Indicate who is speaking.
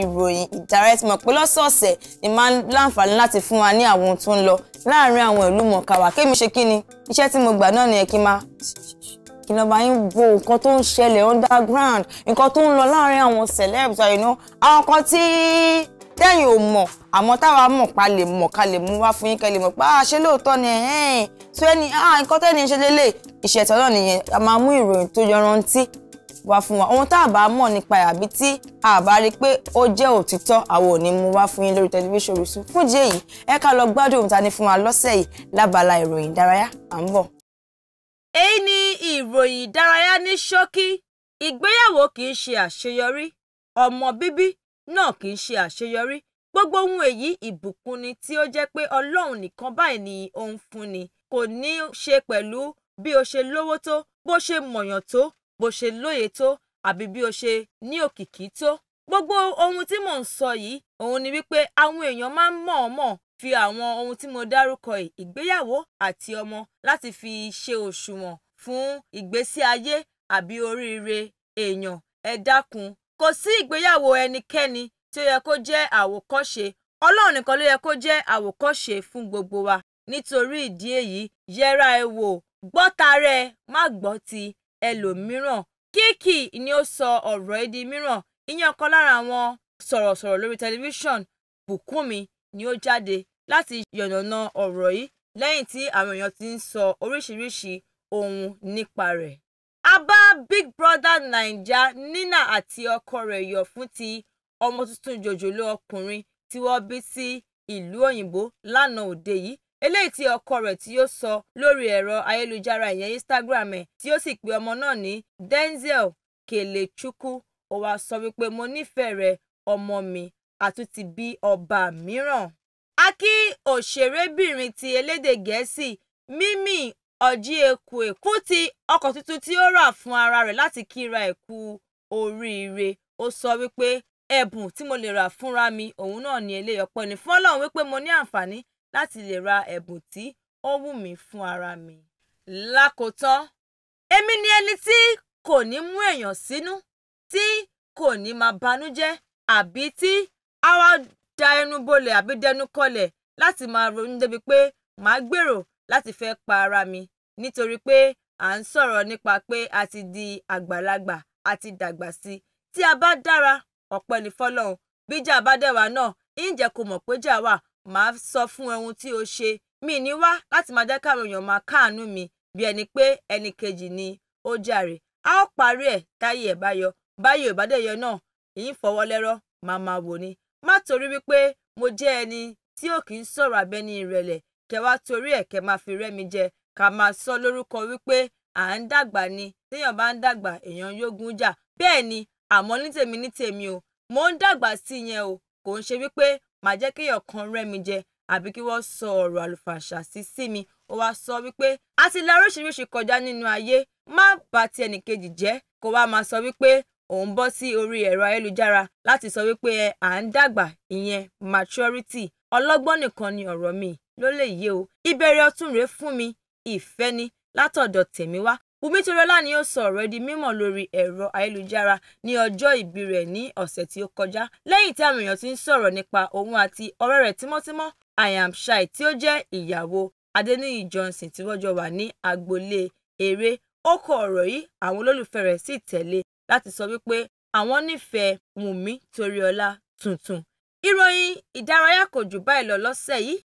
Speaker 1: ìròyìn ìdárayá tí pé lọ́sọ̀ọ̀sẹ̀ ni máa ń láǹfààní láti fún wa ní àwọn ohun tó ń lọ láàárín àwọn ìlú mọ̀ọ́ká wa kémi ṣe kí ni iṣẹ́ tí mo gbà náà nìyẹn kí n máa kí n lọ bá yín wo nǹkan tó ń ṣẹlẹ̀ underground nǹkan tó ń lọ láàárín àwọn celebs àwọn kan tí tẹ́yìn ò mọ̀ àmọ́ táwa mọ̀ pa lè mọ̀ ká lè mú wá fún yín kẹ́ mọ̀ pa ah, àṣẹ lóòótọ́ ni ẹ̀ẹ́n tó ẹni ah, nǹkan tẹ́ni ṣe lélẹ̀ ìṣẹ̀tọ́ náà nìyẹn a máa mú ìròyìn tó yọrantí wá fún wa ohun tá a bá mọ̀ nípa ẹ̀ àbí tí a bá rí i pé ó jẹ́ òtítọ́ àwọn ò ní mú wá fún yín lórí tẹlifíṣàn Orísun fún ìdí èyí ẹ ká lọ gbádùn ohun tá a fún wa lọ́sẹ̀ yìí lábala ìròyìn ìdárayá à ń bọ̀. èyí ni ìròyìn ìdárayá ní ṣókí ìgbéyàwó kì í ṣe àṣeyọrí ọmọ bíbí náà kì í ṣe àṣeyọrí gbogbo ohun èyí ìbùkún ni tí ó jẹ́ pé Ọlọ́run nìkan báyìí ni òun fún ni kò ní ṣe pẹ̀lú bí o ṣe lówó tó bó ṣe mọ̀yàn tó bó ṣe lóye tó àbí bí o ṣe ní òkìkí tó gbogbo ohun tí mò ń sọ yìí òun ni wípé àwọn èèyàn máa ń mọ̀ọ́mọ̀ fi àwọn ohun tí mo dárúkọ yìí ìgbéyàwó àti ọmọ láti fi ṣe òṣùwọ̀n fún ìgbésí ayé àbí oríire èèyàn ẹ dákun kò sí ìgbéyàwó ẹnikẹ́ni tí ó yẹ kó jẹ́ àwòkọ́ṣe ọlọ́run nìkan ló yẹ kó jẹ́ àwòkọ́ṣe fún gbogbo wa nítorí ìdí èyí yẹra ẹ wò gbọ́ tarẹ́ má gbọ́ ti ẹlòmíràn. Kíkì ni ó sọ ọ̀rọ̀ yìí di mìíràn ìyẹn ọ̀kan lára àwọn sọ̀rọ̀sọ̀rọ̀ lórí tẹlifíṣàn Bùkúnmi ni ó jáde láti yànnàná ọ̀rọ̀ yìí lẹ́yìn tí àwọn èèyàn ti ń sọ oríṣiríṣi ohun nípa rẹ̀. A bá Big Brother Naija Nina àti ọkọ rẹ̀ yọ̀ fún ti ọmọ tuntun jòjòló ọkùnrin tí wọ́n bí sí ìlú òyìnbó lánàá òde yìí eléyìí tí ọkọ rẹ̀ tí ó sọ lórí ẹ̀rọ ayélujára ìyẹn Instagram ẹ̀ tí ó sì pe ọmọ náà ní Denzel Kelechukwu ó wáá sọ wípé mo nífẹ̀ẹ́ rẹ ọmọ mi àtúntì bí ọba mìíràn. a òṣèrébìnrin ti elédè gẹ̀ẹ́sì Mimi Ọ̀jíẹ̀kùẹ̀ fún ti ọkọ̀ tuntun tí ó rà fún ara rẹ̀ láti kíra ẹ̀ kú oríire ó sọ wípé ẹ̀bùn tí mo lè rà fúnra mi òun náà ni eléyìí ni fún wípé mo ní àǹfààní láti lè ra ẹ̀bùn tí ó wù mí fún ara mi. lákòótán èmi ni ẹni tí kò ní mú èèyàn sínú tí kò ní máa banújẹ́ àbí tí a wá da ẹnu bolẹ̀ àbí dẹnu kọlẹ̀ láti máa ronú débi pé màá gbèrò láti fẹ́ pa ara mi nítorí pé à ń sọ̀rọ̀ nípa pé a ti di àgbàlagbà a ti dàgbà sí i tí a bá dára ọpẹ́ ní fọlọ́run bíjà bá dẹ̀wà náà ǹjẹ́ kò mọ̀ pé jà wà màá sọ fún ohun tí o ṣe mi ní wá láti máa jẹ́ káwọn èèyàn máa káàánú mi bí ẹni pé ẹnì kejì ni ó jàre a ó parí ẹ̀ táyé ẹ̀ bá yọ báyìí ò bá dẹ̀ yọ náà èyí fọwọ́lẹ́rọ́ máa máa wò ni má torí wípé mo jẹ́ ẹni tí ò kì í sọ̀rọ̀ abẹ́ni ìrẹ̀lẹ̀ kẹ wá torí ẹ̀ kẹ máa fi rẹ́mi jẹ ká máa sọ lórúkọ wípé à ń dàgbà ni téèyàn bá ń dàgbà èèyàn yógun jà bẹ́ẹ̀ ni àmọ́ ní tèmi ní tèmi o mò ń dàgbà sí yẹn o kò ń ṣe wípé màá jẹ́ kéèyàn kan rẹ́ mi jẹ àbí kí wọ́n sọ ọ̀rọ̀ àlùfàṣà sí sí mi ó wá sọ wípé a ti la oríṣiríṣi kọjá nínú ayé má bà ti ẹnìkejì jẹ́ kó wá máa sọ wípé òun bọ́ sí orí ẹ̀rọ ayélujára láti sọ wípé ẹ à ń dàgbà ìyẹn maturity ọlọ́gbọ́n nìkan ni ọ̀rọ̀ mi ló lè yé o ìbẹ̀rẹ̀ ọ̀tún rèé fún mi ìfẹ́ ni látọ̀dọ̀ tèmi wá Bùnmi Toriola ni ó sọ ọ̀rọ̀ yìí di mímọ̀ lórí ẹ̀rọ ayélujára ní ọjọ́ ìbí rẹ̀ ní ọ̀sẹ̀ tí ó kọjá, lẹ́yìn tí àwọn èèyàn ti ń sọ̀rọ̀ nípa òun àti ọ̀rẹ́ rẹ̀ tímọ́tímọ́ Iam Shy tí ó jẹ́ ìyàwó Adéníyì Johnson tí wọ́n jọ wà ní agboolé eré. Ó kọ ọ̀rọ̀ yìí, àwọn olólùfẹ́ rẹ̀ sì tẹ̀lé e láti sọ wípé àwọn nífẹ̀ẹ́ Bùnmi tuntun. Ìròyìn ìdárayá kò jù báyìí lọ lọ́sẹ̀ yìí.